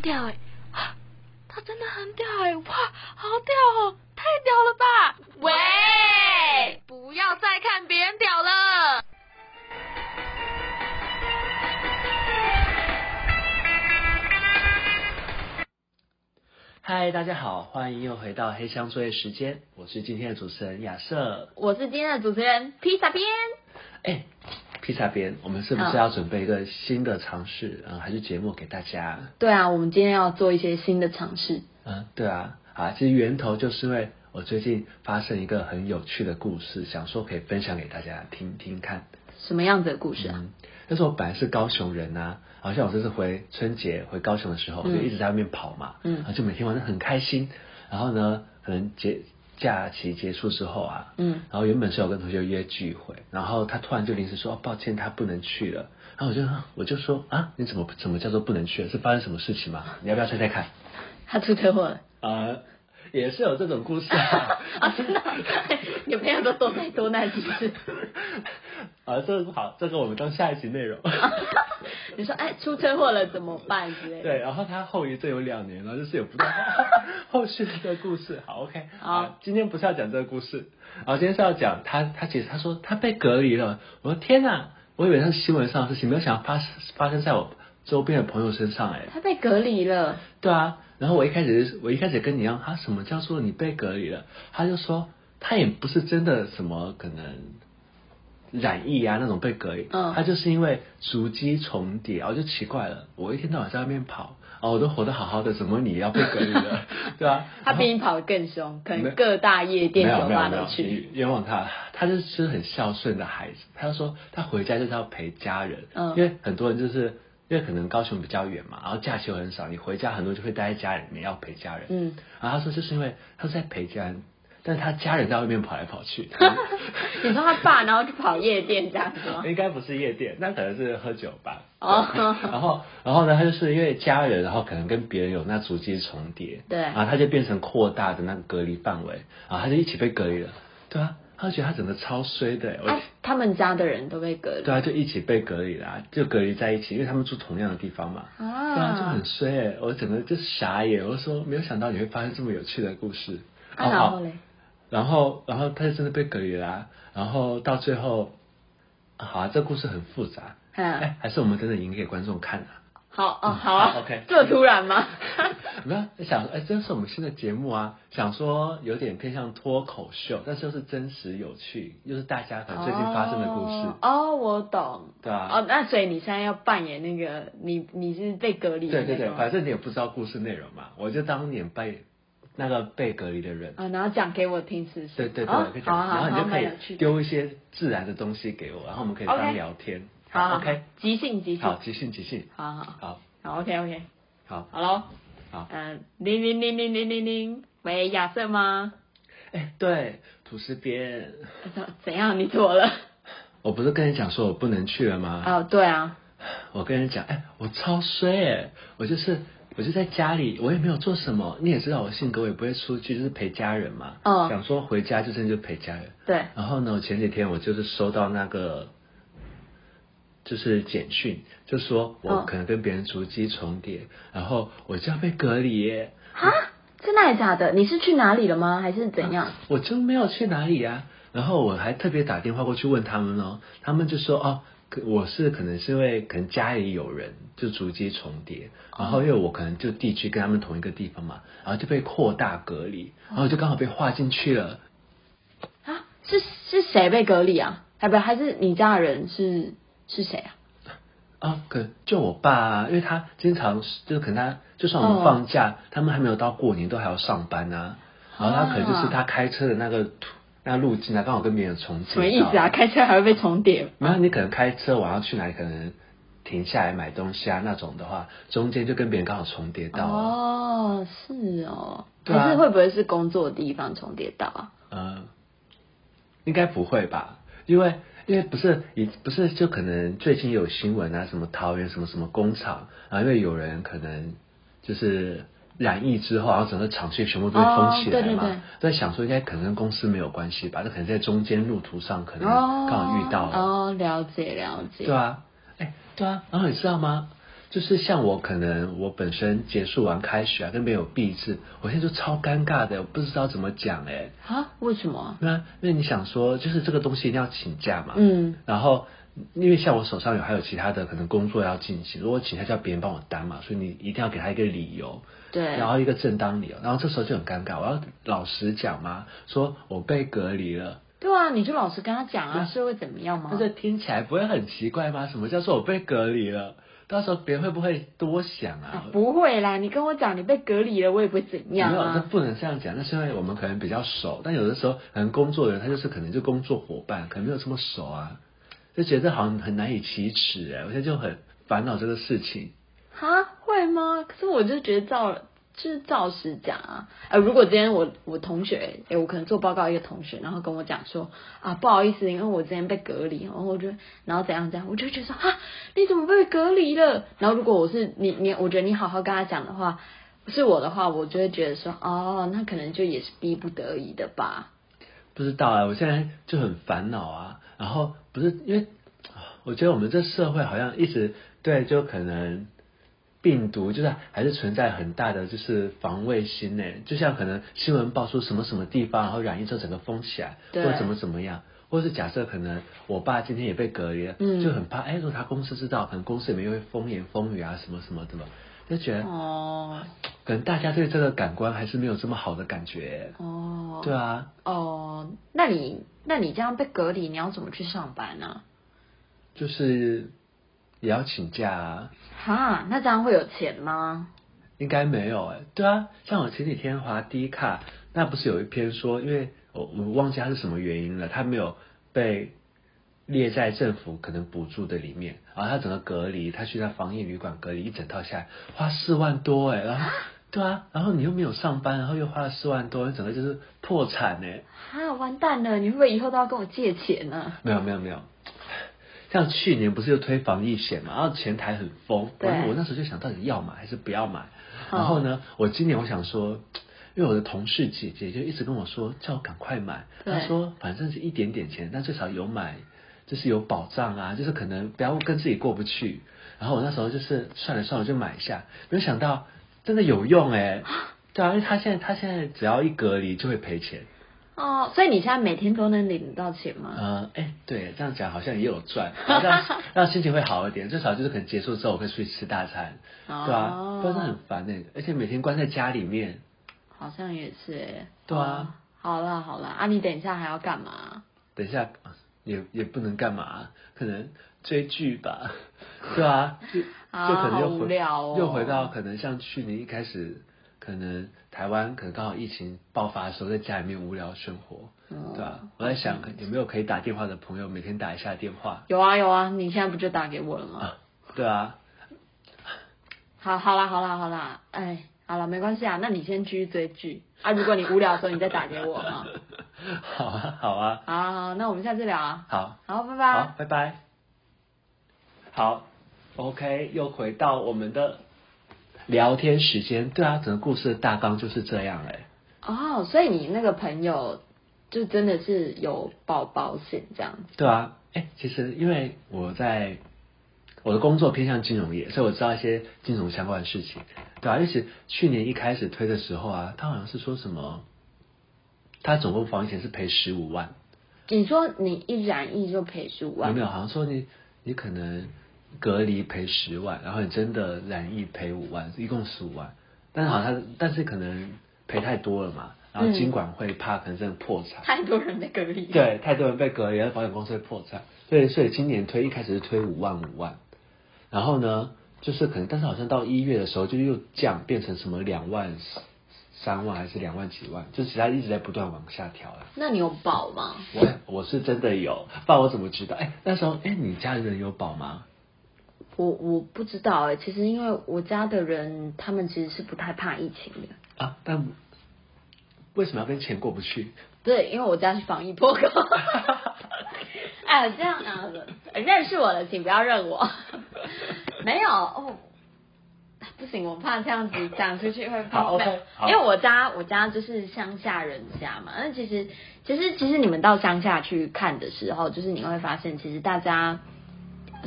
屌哎、欸啊！他真的很屌哎、欸！哇，好屌哦、喔，太屌了吧！喂，不要再看別人屌了。嗨，大家好，歡迎又回到黑箱作業時間，我是今天的主持人亞瑟，我是今天的主持人披薩編。哎、欸。披薩編，我們是不是要準備一個新的嘗試？嗯、呃，還是節目給大家？對啊，我們今天要做一些新的嘗試。嗯，對啊，啊，其實源頭就是因為我最近發生一個很有趣的故事，想說可以分享給大家聽聽看。什麼樣的故事、啊？嗯，但是我本來是高雄人吶、啊，好像我這次回春節回高雄的時候，我就一直在外面跑嘛，嗯，啊、就每天玩得很開心。然後呢，可能節假期結束之後啊，嗯，然後原本是有跟同學約聚會，然後他突然就臨時說，抱歉，他不能去了。然後我就，我就說，啊，你怎麼，怎麼叫做不能去了？是發生什麼事情嗎？你要不要猜猜看？他出車禍了。啊、呃。也是有這種故事啊！ 啊、哦，真的，欸、你們要都多災多難之事。啊， 這個不好，這個我們當下一期內容 。你說，哎、欸，出車禍了怎麼辦？之類的。對，然後他後遺症有兩年了，然後就是有不斷 後續的一個故事。好，OK 好。啊、呃，今天不是要講這個故事，然後今天是要講他，他其實他說他被隔離了。我說天哪，我以為他是新聞上的事情，沒有想到發生發生在我周邊的朋友身上、欸，哎。他被隔離了。對啊。然後我一開始，我一開始跟你一樣，他、啊、什麼叫做你被隔離了？他就說，他也不是真的什麼可能染疫啊那種被隔離、嗯，他就是因為足跡重疊，我就奇怪了。我一天到晚在外面跑，哦、啊，我都活得好好的，怎麼你要被隔離了？ 對啊，他比你跑得更兇，可能各大夜店都跑得去。冤枉他，他就是很孝順的孩子。他就說他回家就是要陪家人，嗯、因為很多人就是。因為可能高雄比較遠嘛，然後假期又很少，你回家很多就會待在家裡面要陪家人。嗯，然後他說就是因為他是在陪家人，但是他家人在外面跑來跑去。 你說他爸然後去跑夜店 這樣子，應該不是夜店，那可能是喝酒吧。哦，oh. 然後然後呢，他就是因為家人，然後可能跟別人有那足跡重疊。對。然後，他就變成擴大的那個隔離範圍，然後，他就一起被隔離了。對啊。他覺得他整個超衰的。欸，他，哎，他們家的人都被隔離，對啊，就一起被隔離啦，就隔離在一起，因為他們住同樣的地方嘛，啊，對啊，就很衰。欸，我整個就傻眼。欸，我說沒有想到你會發生這麼有趣的故事，啊好，然後、哦，然後然後他就真的被隔離啦，然後到最後，好啊，這故事很複雜，哎、啊欸，還是我們等等演給觀眾看啊。好哦，好啊、嗯、好，OK，這麼突然嗎？ 你沒有想，哎、欸，這是我們新的節目啊，想說有點偏向脫口秀，但是又是真實有趣，又、就是大家可能最近發生的故事哦。哦，我懂。對啊。哦，那所以你現在要扮演那個你，你是被隔離對對，對，反正你也不知道故事內容嘛，我就當你被那個被隔離的人啊、哦，然後講給我聽，是對對對對、哦，可以講，然後你就可以丟一些自然的東西給我，然後我們可以當聊天。Okay 好好 k、okay、即興即興，好，即興即興，好好好，好，OK OK，好，Hello，好，嗯，鈴鈴鈴鈴鈴，喂，亞瑟嗎？哎、欸，對，吐司編。怎樣？你怎麼了？我不是跟你講說我不能去了嗎？哦，對啊。我跟你講，哎、欸，我超衰、欸，我就是我就在家裡，我也沒有做什麼。你也知道我性格，我也不會出去，就是陪家人嘛。哦、嗯，想說回家就真的就陪家人。對。然後呢，我前幾天我就是收到那個。就是簡訊，就說我可能跟別人足跡重疊、哦，然後我就要被隔離。哈？真的還是假的？你是去哪裡了嗎？還是怎樣？啊、我就沒有去哪裡啊。然後我還特別打電話過去問他們哦、喔，他們就說哦、啊，我是可能是因為可能家裡有人就足跡重疊，然後因為我可能就地區跟他們同一個地方嘛，然後就被擴大隔離，然後就剛好被劃進去了、哦。啊？是是誰被隔離啊？哎，不，還是你家的人是？是誰啊？啊，可就我爸，啊，因為他經常就是可能他就算我們放假，oh. 他們還沒有到過年都還要上班啊。Oh. 然後他可能就是他開車的那個途、那路徑啊，剛好跟別人重疊、啊。什麼意思啊？開車還會被重疊？沒有，你可能開車晚上去哪裡，可能停下來買東西啊那種的話，中間就跟別人剛好重疊到、啊。Oh, 哦，是哦、啊。可是會不會是工作的地方重疊到啊？嗯，應該不會吧，因為。因為不是，也不是，就可能最近有新聞啊，什麼桃園什麼什麼工廠啊，因為有人可能就是染疫之後，然後整個廠區全部都被封起來嘛、哦。對對對。在想說應該可能跟公司沒有關係吧，那可能在中間路途上可能剛好遇到了。哦，哦了解了解。對啊，哎、欸，對啊，哦，然後你知道嗎？就是像我可能我本身結束完開學啊，跟沒有閉制，我現在就超尷尬的，我不知道怎麼講哎、欸、啊為什麼？那那你想說就是這個東西一定要請假嘛，嗯，然後因為像我手上有還有其他的可能工作要進行，如果請假叫別人幫我擔嘛，所以你一定要給他一個理由，對，然後一個正當理由，然後這時候就很尷尬，我要老實講嗎？說我被隔離了？對啊，你就老實跟他講啊，是會怎麼樣嗎？這聽起來不會很奇怪嗎？什麼叫做我被隔離了？到時候別人會不會多想啊？啊？不會啦，你跟我講你被隔離了，我也不會怎樣。啊啊、沒有，那不能這樣講。那是因為我們可能比較熟，但有的時候可能工作的人他就是可能就工作夥伴，可能沒有這麼熟啊，就覺得好像很難以啟齒哎，我現在就很煩惱這個事情。哈、啊，會嗎？可是我就覺得到了。就是照實講啊、呃，如果今天我我同學、欸，我可能做報告一個同學，然後跟我講說，啊，不好意思，因為我今天被隔離，然後我就然後怎樣怎樣，我就覺得說，啊，你怎麼被隔離了？然後如果我是你你，我覺得你好好跟他講的話，不是我的話，我就會覺得說，哦，那可能就也是逼不得已的吧。不知道啊，我現在就很煩惱啊，然後不是因為，我覺得我們這社會好像一直對，就可能。病毒就是還是存在很大的就是防衛心呢，就像可能新聞爆出什麼什麼地方，然後染疫之後整個封起來，或怎麼怎麼樣，或者是假設可能我爸今天也被隔離了、嗯，就很怕。哎，如果他公司知道，可能公司裡面又會風言風語啊，什麼什麼怎麼，就覺得哦，可能大家對這個感官還是沒有這麼好的感覺。哦，對啊。哦，那你那你這樣被隔離，你要怎麼去上班呢、啊？就是。也要請假啊？哈，那這樣會有錢嗎？應該沒有哎、欸。對啊，像我前幾天滑 D 卡，那不是有一篇說，因為我我忘記他是什麼原因了，他沒有被列在政府可能補助的裡面。然後他整個隔離，他去他防疫旅館隔離一整套下來，花四萬多哎、欸。然後對啊，然後你又沒有上班，然後又花了四萬多，那整個就是破產哎。哈，完蛋了！你會不會以後都要跟我借錢呢？沒有沒有沒有。像去年不是又推防疫險嘛，然後前台很瘋，我我那時候就想到底要買還是不要買、嗯，然後呢，我今年我想說，因為我的同事姐姐就一直跟我說，叫我趕快買，她說反正是一點點錢，但最少有買，就是有保障啊，就是可能不要跟自己過不去，然後我那時候就是算了算了就買一下，沒有想到真的有用哎、欸，對啊，因為他現在他現在只要一隔離就會賠錢。哦，所以你現在每天都能領到錢嗎？嗯，哎、欸，對，這樣講好像也有賺，讓 讓心情會好一點，至少就是可能結束之後我會出去吃大餐，哦、對啊，都是很煩哎、欸，而且每天關在家裡面，好像也是哎、欸，對啊。哦、好了好了，好了，啊，你等一下還要幹嘛？等一下也也不能幹嘛，可能追劇吧，對吧、啊？就就可能又回、啊哦、又回到可能像去年一開始。可能台灣可能剛好疫情爆發的時候，在家裡面無聊生活，嗯，對啊，我在想有沒有可以打電話的朋友，每天打一下電話。有啊有啊，你現在不就打給我了嗎？啊。對啊。好，好啦，好啦，好啦，哎，好啦，沒關係啊，那你先繼續追劇。啊，如果你無聊的時候，你再打給我嘛 。啊。好啊，好啊。好，啊好，那我們下次聊啊。好。好，拜拜。好，拜拜。好，OK，又回到我們的。聊天時間，對啊，整個故事的大綱就是這樣哎、欸。哦、oh，所以你那個朋友就真的是有保保險這樣。對啊，哎、欸，其實因為我在我的工作偏向金融業，所以我知道一些金融相關的事情。對啊，就是去年一開始推的時候啊，他好像是說什麼，他總共保險是賠十五萬。你說你一染疫就賠十五萬？有沒有？好像說你你可能。隔離賠十萬，然後你真的染疫賠五萬，一共十五萬。但是好像，像、嗯，但是可能賠太多了嘛，然後金管會怕，可能真的破產。嗯、太多人被隔離。對，太多人被隔離，保險公司會破產。所以今年推一開始是推五萬五萬，然後呢，就是可能，但是好像到一月的時候就又降，變成什麼兩萬三萬還是兩萬幾萬，就是其他一直在不斷往下調了、啊。那你有保嗎？我我是真的有，不然我怎麼知道？哎、欸，那時候哎、欸，你家人有保嗎？我我不知道哎、欸，其實因為我家的人，他們其實是不太怕疫情的啊。但為什麼要跟錢過不去？對，因為我家是防疫破口。 哎，這樣啊，認識我的請不要認我。 沒有哦，不行，我怕這樣子講、啊、出去會怕。Okay, 因為我家我家就是鄉下人家嘛。那其實其實其實你們到鄉下去看的時候，就是你會發現，其實大家。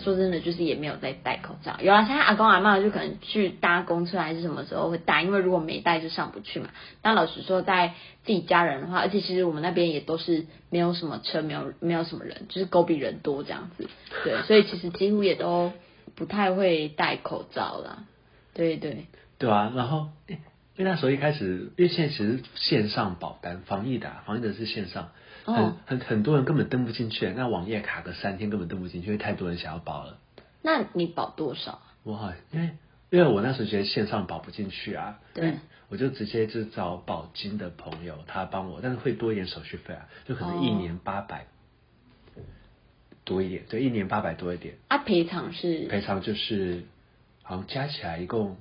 說真的，就是也沒有在戴口罩。有啊，像阿公阿媽就可能去搭公車還是什麼時候會戴，因為如果沒戴就上不去嘛。但老實說，在自己家人的話，而且其實我們那邊也都是沒有什麼車，沒有沒有什麼人，就是狗比人多這樣子。對，所以其實幾乎也都不太會戴口罩了。對，對對。對啊，然後因為、欸、那時候一開始，因為現在其實線上保單防疫的、啊，防疫的是線上。很很很多人根本登不進去，那網頁卡個三天根本登不進去，因為太多人想要保了。那你保多少？我因為因為我那時候覺得線上保不進去啊，對、欸。我就直接就找保金的朋友他幫我，但是會多一點手續費啊，就可能一年八百多一點、哦，對，一年八百多一點。啊，賠償是賠償就是好像加起來一共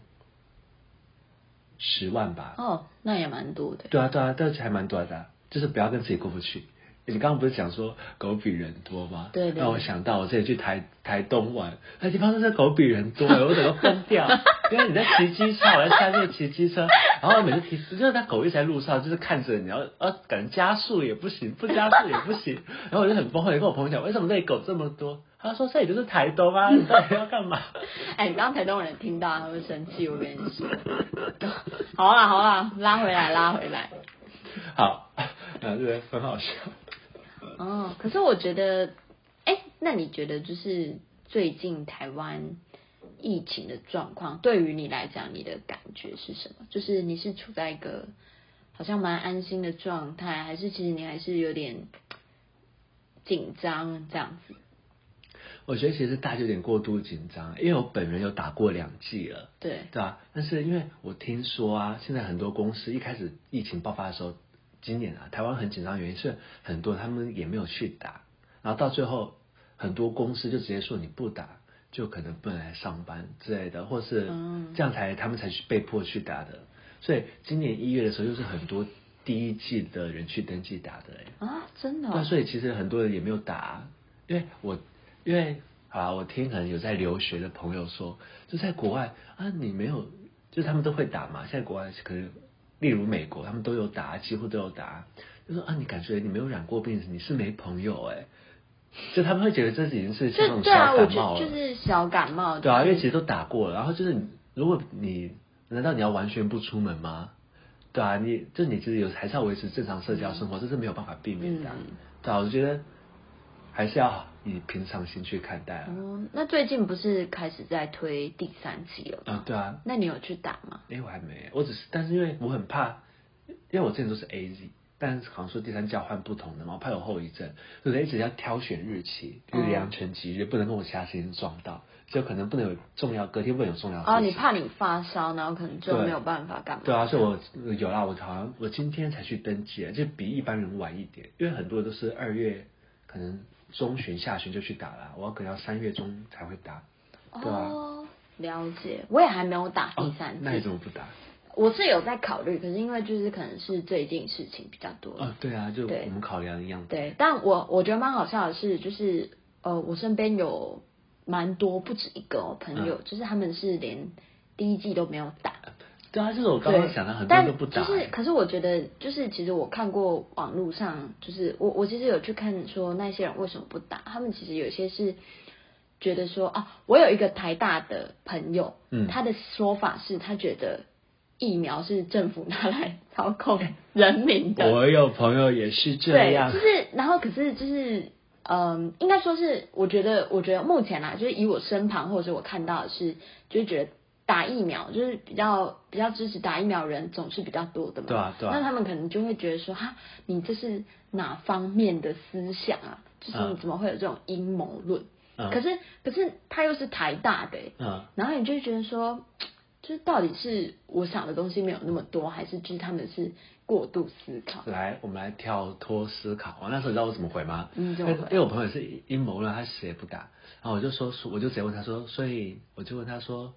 十萬吧？哦，那也蠻多的。對啊，對啊，對，還蠻多的、啊，就是不要跟自己過不去。你剛剛不是講說狗比人多嗎？對對。讓我想到我自己去台台東玩，那地方真是狗比人多、欸，我整個瘋掉。 因為你在騎機車，我在下面騎機車， 然後每次騎，就是他狗一直在路上，就是看着你，要，後、啊、感覺加速也不行，不加速也不行， 然後我就很崩潰，我跟我朋友講為什麼這裡狗這麼多？他說這裡就是台東啊你到底要幹嘛？哎、 欸，你剛,剛台東人聽到，他會,會生氣，我跟你說。 好啊，好啊，拉回來拉回來。好，啊，對，很好笑。哦，可是我覺得，哎，那你覺得就是最近台灣疫情的狀況，對於你來講，你的感覺是什麼？就是你是處在一個好像蠻安心的狀態，還是其實你還是有點緊張這樣子？我覺得其實大家有點過度緊張，因為我本人有打過兩劑了，對對啊，但是因為我聽說啊，現在很多公司一開始疫情爆發的時候。今年啊，台灣很緊張的原因是很多，他們也沒有去打，然後到最後很多公司就直接說你不打就可能不能來上班之類的，或是這樣才他們才去被迫去打的。所以今年一月的時候，就是很多第一季的人去登記打的嘞、欸。啊，真的、啊？那所以其實很多人也沒有打，因為我因為啊，我聽可能有在留學的朋友說，就在國外啊，你沒有，就是他們都會打嘛。現在國外是可能。例如美國，他們都有打，幾乎都有打。就是、說啊，你感覺你沒有染過病，你是沒朋友。哎、欸。就他們會覺得這是一件事情，就是小感冒了。對啊，因為其實都打過了。然後就是，如果你難道你要完全不出門嗎？對啊，你就是你，其實有還是要維持正常社交生活、嗯，這是沒有辦法避免的。對啊，我就覺得。還是要以平常心去看待嗯、啊哦，那最近不是開始在推第三劑了？嗯、哦，對啊。那你有去打嗎？哎、欸，我還沒，我只是，但是因為我很怕，因為我之前都是 A Z，但是好像說第三劑要換不同的嘛，我怕有後遺症，所以一直要挑選日期，就良辰吉日，就不能跟我其他時間撞到、哦，就可能不能有重要，隔天不能有重要事情。哦，你怕你發燒，然後可能就沒有辦法幹嘛、嗯。對啊，所以我有啦。我好像我今天才去登記、啊，就比一般人晚一點，因為很多都是二月可能。中旬、下旬就去打了，我可能要三月中才會打，對、啊哦、了解，我也還沒有打第三劑，哦、那你怎麼不打？我是有在考慮，可是因為就是可能是最近事情比較多啊、哦，對啊，就我們考量一樣。對，對但我我覺得蠻好笑的是，就是呃，我身邊有蠻多不止一個、哦、朋友、嗯，就是他們是連第一劑都沒有打。對啊，就是我剛剛想的很多人都不打、欸。但就是，可是我覺得，就是其實我看過網絡上，就是我我其實有去看說那些人為什麼不打？他們其實有些是覺得說啊，我有一個台大的朋友，嗯，他的說法是他覺得疫苗是政府拿來操控人民的。我有朋友也是這樣。對，就是然後可是就是嗯、呃，應該說是我覺得，我覺得目前啦，就是以我身旁或者是我看到的是，就覺得。打疫苗就是比較比較支持打疫苗的人總是比較多的嘛，對啊，對啊，那他們可能就會覺得說哈，你這是哪方面的思想啊？就是你怎麼會有這種陰謀論？可是可是他又是台大的欸，嗯，然後你就會覺得說，就是到底是我想的東西沒有那麼多，還是就是他們是過度思考？來，我們來跳脫思考。我那時候你知道我怎麼回嗎？嗯，怎麼回？欸，因為我朋友是陰謀論，他死也不打，然後我就說，我就直接問他說，所以我就問他說。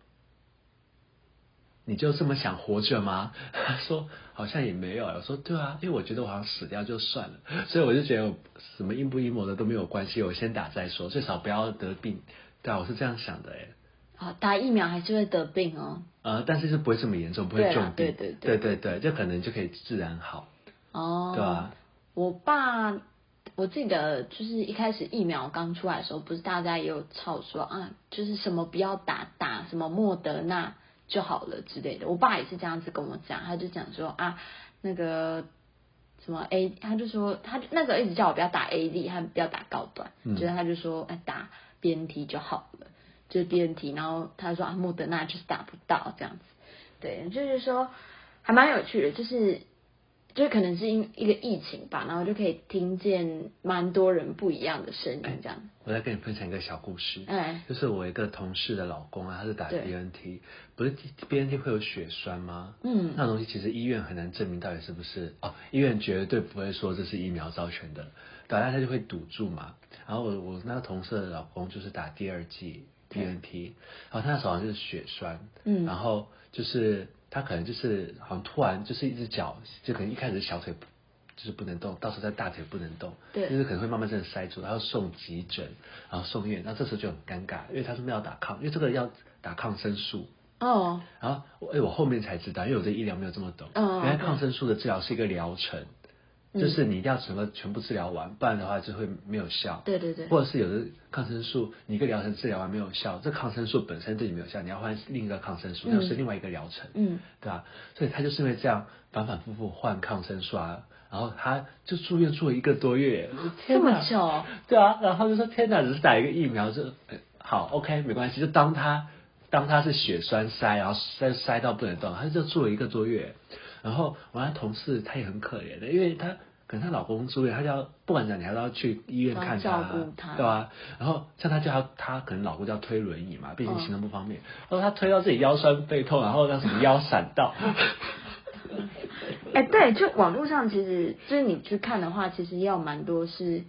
你就這麼想活着嗎？ 說好像也沒有、欸。我說對啊，因為我覺得我好像死掉就算了，所以我就覺得我什麼陰不陰謀的都沒有關係，我先打再說，最少不要得病。對啊，我是這樣想的哎、欸。打疫苗還是會得病哦。呃、嗯，但是就不會這麼嚴重，不會重病。對、啊、對對對，對對對，就可能就可以自然好。哦。對啊。我爸，我記得，就是一開始疫苗剛出來的時候，不是大家也有吵說啊，就是什麼不要打打什麼莫德納。就好了之類的，我爸也是這樣子跟我講，他就講說啊，那個什麼 A，他就說他就那時候一直叫我不要打 A D，他不要打高端，就是他就說哎打 B N T 就好了，就是 B N T，然後他說啊莫德納就是打不到這樣子，對，就是說還蠻有趣的，就是。就是可能是因一個疫情吧，然後就可以聽見蠻多人不一樣的聲音，這樣，哎。我再跟你分享一個小故事，哎，就是我一個同事的老公啊，他是打 BNT，不是 BNT 會有血栓嗎？嗯，那東西其實醫院很難證明到底是不是哦，醫院絕對不會說這是疫苗造成的，打來他就會堵住嘛。然後我我那個同事的老公就是打第二劑 BNT，然後他的手上就是血栓，嗯，然後就是。他可能就是好像突然就是一只腳，就可能一開始小腿就是不能動，到時候在大腿不能動。對。，就是可能會慢慢這樣塞住，然後送急診，然後送醫院，那這時候就很尷尬，因為他是沒有打抗，因為這個要打抗生素。哦、oh.。然後，哎、欸，我後面才知道，因為我這醫療沒有這麼懂。嗯、oh, okay.。原來抗生素的治療是一個療程。就是你一定要整個、嗯、全部治療完，不然的話就會沒有效。對對對。或者是有的抗生素，你一個療程治療完沒有效，這抗生素本身對你沒有效，你要換另一個抗生素，又、嗯、是另外一個療程嗯。嗯。對吧？所以他就是因為這樣反反復復換抗生素啊，然後他就住院住了一個多月。這麼久、哦。對啊，然後就說天哪，只是打一個疫苗就，嗯、好，OK，沒關係，就當他當他是血栓塞，然後塞塞到不能動，他就住了一個多月。然後我那同事她也很可憐的，因為她可能她老公住院，她就要不管怎樣，你還要去醫院看她、照顧她，啊，對啊，然後像她就要，她可能老公就要推輪椅嘛，畢竟行動不方便。哦，然後她推到自己腰痠背痛，然後讓什麼腰閃到。 哎，對，就網絡上其實就是你去看的話，其實也有蠻多是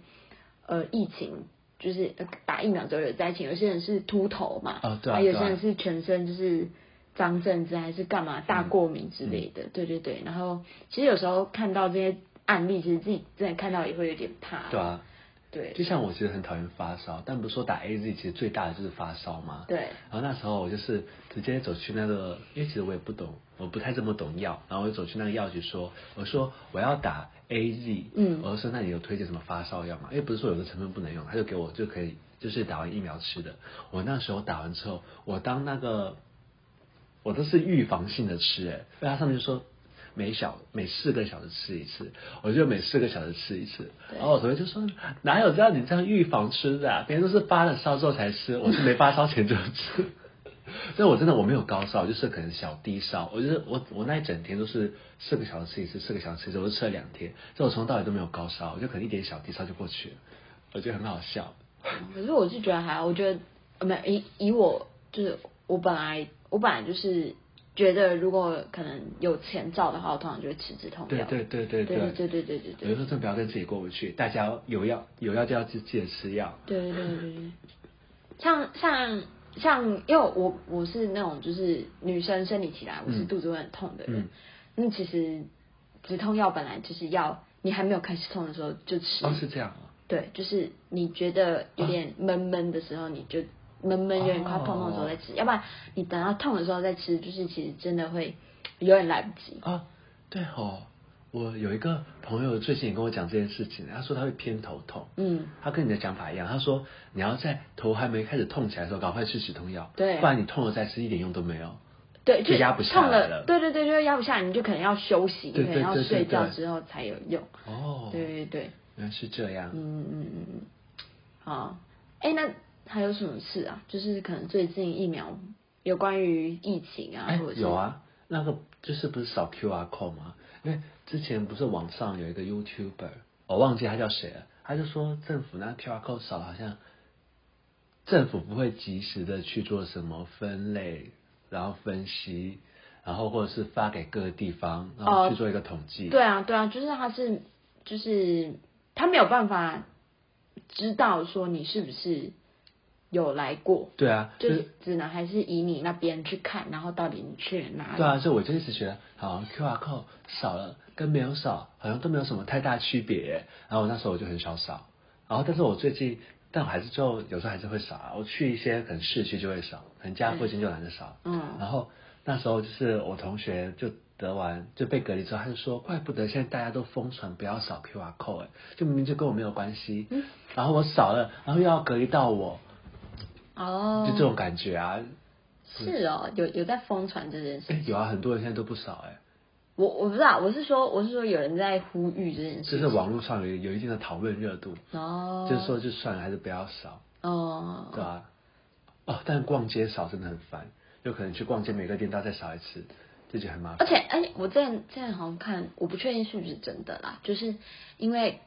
呃疫情，就是打疫苗之後的災情。有些人是禿頭嘛，啊、哦、對啊，對啊，有些人是全身就是。張震之還是幹嘛大過敏之類的，對對對。然後其實有時候看到這些案例，其實自己真的看到也會有點怕。對啊，對。就像我其實很討厭發燒，但不是說打 AZ 其實最大的就是發燒嘛。對。然後那時候我就是直接走去那個，因為其實我也不懂，我不太這麼懂藥，然後我就走去那個藥局說，我說我要打 AZ，嗯，我就說那你有推薦什麼發燒藥嗎？因為不是說有的成分不能用，他就給我就可以，就是打完疫苗吃的。我那時候打完之後，我當那個。我都是預防性的吃，哎，所以它上面就說，每小每四個小時吃一次，我就每四個小時吃一次。然後我同學就說，哪有這樣？你這樣預防吃的，啊？別人都是發了燒之後才吃，我是沒發燒前就吃。 所以我真的我沒有高燒，我就是可能小低燒。我覺得我我那一整天都是四個小時吃一次，四個小時吃一次，我就吃了兩天。所以我從頭到尾都沒有高燒，我就可能一點小低燒就過去了，我覺得很好笑。可是我是覺得還好，我覺得沒以以我就是我本來。我本來就是覺得，如果可能有前兆的話，我通常就會吃止痛藥。對對對對對對對對。比如說，真的不要跟自己過不去，大家有藥有藥就要記記得吃藥。對對對，像像像，像，因為我我是那種就是女生生理期來，我是肚子會很痛的人。那、嗯嗯、其實止痛藥本來就是要你還沒有開始痛的時候就吃。哦，是這樣啊。對，就是你覺得有點悶悶的時候，你就。悶悶有點快痛,痛的時候再吃、哦，要不然你等到痛的時候再吃，就是其實真的會有點來不及啊。對哦，我有一個朋友最近也跟我講這件事情，他說他會偏頭痛，嗯，他跟你的想法一樣，他說你要在頭還沒開始痛起來的時候，趕快吃止痛藥，對，不然你痛了再吃一點用都沒有。對，就壓不下來了,痛了。對對對，就壓不下來，你就可能要休息，對要睡覺之後才有用。哦，對對對，原來是這樣。嗯嗯嗯嗯，好，哎、欸、那。還有什麼事啊？就是可能最近疫苗有關於疫情啊，欸、或者有啊，那個就是不是掃 QR code 嗎？因為之前不是網上有一個 YouTuber，我忘記他叫誰了，他就說政府那 QR code 掃了，好像政府不會及時的去做什麼分類，然後分析，然後或者是發給各個地方，然後去做一個統計、呃。對啊，對啊，就是他是，就是他沒有辦法知道說你是不是。有來過，對啊，就是只能還是以你那邊去看，然後到底你去了哪裡？對啊，所以我就一直覺得，好像 QR code 掃了跟沒有掃好像都沒有什麼太大區別。然後我那時候我就很少掃，然後但是我最近，但我還是就有時候還是會掃。我去一些可能市區就會掃，可能家附近就懶得掃。嗯。然後那時候就是我同學就得完就被隔離之後，他就說：怪不得現在大家都瘋傳，不要掃 QR code，哎，就明明就跟我沒有關係。嗯。然後我掃了，然後又要隔離到我。哦、oh,，就這種感覺啊，是哦，有有在瘋傳這件事，欸，有啊，很多人現在都不掃哎，欸。我我不知道，我是說我是說有人在呼籲這件事，就是網絡上有有一定的討論熱度，哦、oh,，就是說就算了還是不要掃，哦、oh.，對啊，哦，但逛街掃真的很煩，有可能去逛街每個店都要再掃一次，這就很麻煩。而且哎，我這樣這樣好像看，我不確定是不是真的啦，就是因為。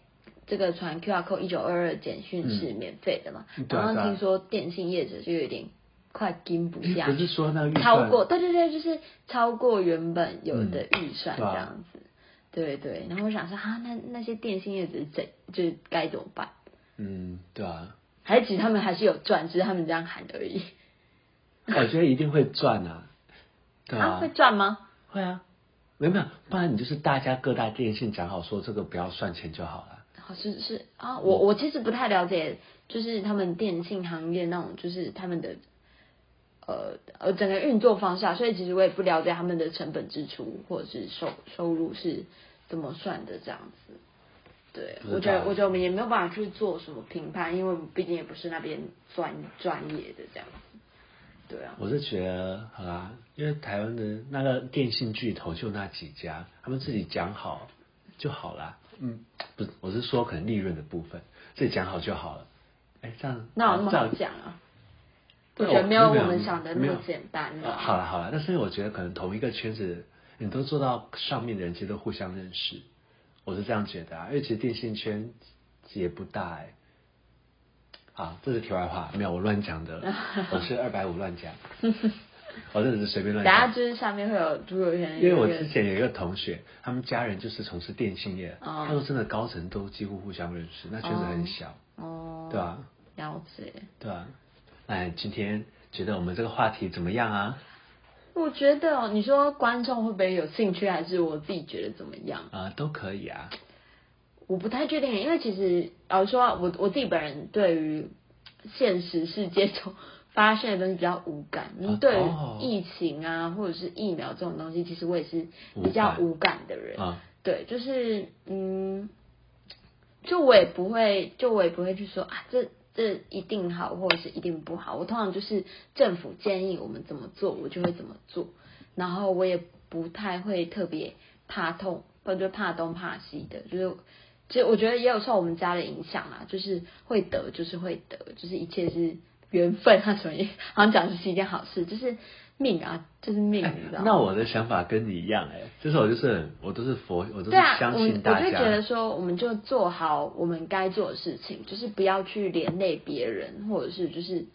這個傳 QR Code 一九二二的簡訊是免費的嘛、嗯啊？然後聽說電信業者就有點快跟不下，不是說那個預算超過，對對對，就是超過原本有的預算這樣子。嗯對，啊、對對，然後我想說哈、啊、那那些電信業者怎就是該怎麼辦？嗯，對啊。還是其實他們還是有賺，只是他們這樣喊而已。 我覺得一定會賺啊。對啊，啊會賺嗎？會啊。沒有沒有，不然你就是大家各大電信講好說這個不要算錢就好了。是是啊，我我其實不太了解，就是他們電信行業那種，就是他們的呃呃整個運作方向、啊，所以其實我也不了解他們的成本支出或者是收收入是怎麼算的這樣子。對，我覺得我覺得我們也沒有辦法去做什麼評判，因為畢竟也不是那邊專專業的這樣子。對啊，我是覺得好啊，因為台灣的那個電信巨頭就那幾家，他們自己講好就好啦。嗯，不是，我是說可能利潤的部分，這講好就好了。哎、欸，這樣，那我怎麼講啊？對，我覺得沒有，沒有我們想的那麼簡單的、啊。好了好了，那所以我覺得可能同一個圈子，你都做到上面的人，其實都互相認識。我是這樣覺得啊，因為其實電信圈也不大哎、欸。好，這是題外話，沒有我亂講的， 我是二百五亂講。 我真的是隨便亂講，大家就是上面會有，就會有,有因為我之前有一個同學，他們家人就是從事電信業，嗯、他說真的高層都幾乎互相認識，那確實很小，哦、嗯嗯，對啊，了解，對啊，哎，今天覺得我們這個話題怎麼樣啊？我覺得，你說觀眾會不會有興趣，還是我自己覺得怎麼樣？啊，都可以啊。我不太確定，因為其實，老實說我我自己本人對於現實世界中。發現的東西比較無感，嗯，對於疫情啊，或者是疫苗這種東西，其實我也是比較無感的人。啊，對，就是嗯，就我也不會，就我也不會去說啊，這這一定好，或者是一定不好。我通常就是政府建議我們怎麼做，我就會怎麼做。然後我也不太會特別怕痛，或者怕東怕西的。就是其實我覺得也有受我們家的影響啊，就是會得就是會得，就是一切是。緣分啊，什麼？好像講的是一件好事，就是命啊，就是命，欸，你知道嗎？那我的想法跟你一樣誒，就是我就是我都是佛，我都是相信大家，啊我。我就覺得說，我們就做好我們該做的事情，就是不要去連累別人，或者是就是，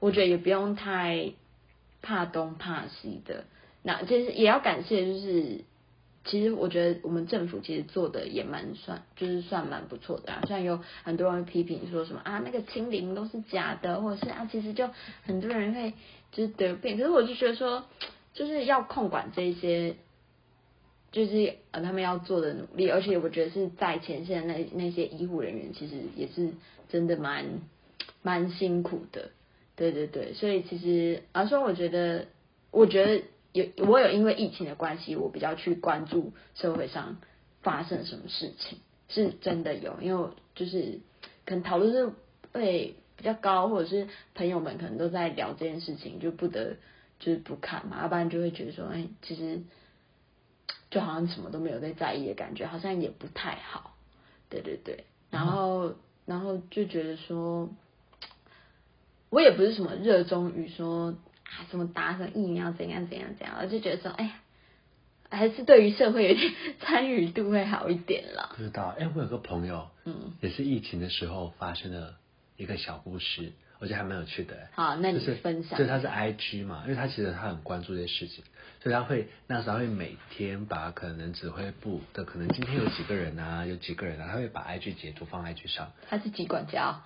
我覺得也不用太怕東怕西的，那其實也要感謝，就是。其實我覺得我們政府其實做的也蠻算，就是算蠻不錯的啊。雖然有很多人批評說什麼啊，那個清零都是假的，或者是啊，其實就很多人會就是得病。可是我就覺得說，就是要控管這些，就是呃，啊，他們要做的努力。而且我覺得是在前線那那些醫護人員其實也是真的蠻蠻辛苦的。對對對，所以其實啊，說我覺得，我覺得。有我有因為疫情的關係，我比較去關注社會上發生什麼事情，是真的有，因為我就是可能討論度會比較高，或者是朋友們可能都在聊這件事情，就不得就是不看嘛，要不然就會覺得說，哎、欸，其實就好像什麼都沒有在在意的感覺，好像也不太好，對對對，然後然後就覺得說，我也不是什麼熱衷於說。什麼打什麼疫苗怎樣怎樣怎樣，我就覺得說，哎、欸，還是對於社會有點參與度會好一點了。不知道，哎、欸，我有個朋友，嗯，也是疫情的時候發生了一個小故事，我覺得還蠻有趣的、欸。好，那你分享，就是、所以他是 I G 嘛，因為他其實他很關注這些事情，所以他會那時候他會每天把可能指揮部的可能今天有幾個人啊，有幾個人啊，他會把 I G 截圖放 I G 上。他是機管家。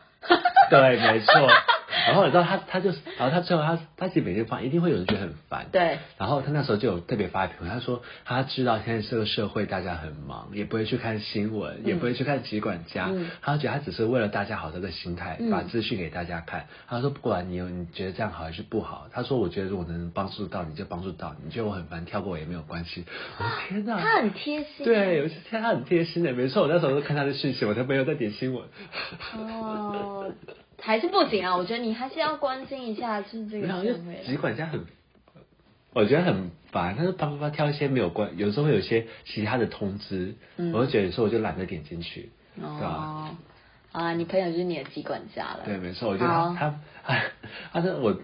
對，沒錯。 然後你知道他，他就是，然後他最後他，他其實每天放，一定會有人覺得很煩。對。然後他那時候就有特別發評，他說他知道現在這個社會大家很忙，也不會去看新聞、嗯，也不會去看疾管家。嗯。他覺得他只是為了大家好這個心態、嗯，把資訊給大家看、嗯。他說不管你有，你覺得這樣好還是不好，他說我覺得如果能幫助到你就幫助到你，你覺得我很煩跳過我也沒有關係、哦。我的天哪，他很貼心。對，有一次天他很貼心的，沒錯。我那時候都看他的訊息，我都沒有再點新聞。哦 還是不行啊！我覺得你還是要關心一下，嗯，就是這個。好像疾管家很，我覺得很煩，他就啪啪啪挑一些沒有關，有時候會有一些其他的通知，嗯、我就覺得有時候我就懶得點進去，哦、嗯、對吧？啊、哦，你朋友就是你的疾管家了，對，沒錯，我覺得他他他說我裡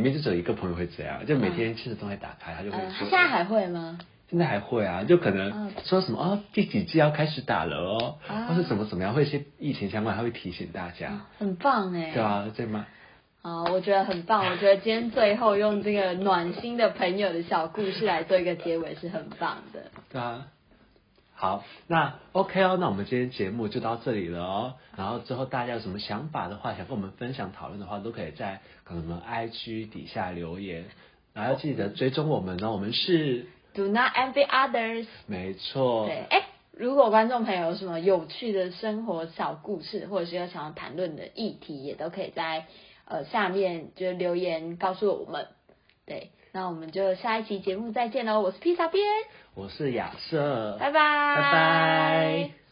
面就只有一個朋友會這樣，就每天其實都會打開，嗯、他就會、呃。現在還會嗎？現在還會啊，就可能說什麼哦，第幾劑要開始打了哦、啊，或是怎麼怎麼樣，會一些疫情相關，還會提醒大家。很棒哎。對啊，對嗎？好，我覺得很棒。我覺得今天最後用這個暖心的朋友的小故事來做一個結尾是很棒的。對啊。好，那 OK 哦，那我們今天節目就到這裡了哦。然後之後大家有什麼想法的話，想跟我們分享討論的話，都可以在可能我們 IG 底下留言，然後記得追蹤我們呢、哦，我們是。Do not envy others. 沒錯。對，欸，如果觀眾朋友有什麼有趣的生活小故事，或者是有想要談論的議題，也都可以在呃下面就留言告訴我們。對，那我們就下一期節目再見嘍！我是披薩編，我是亞瑟，拜拜，拜拜。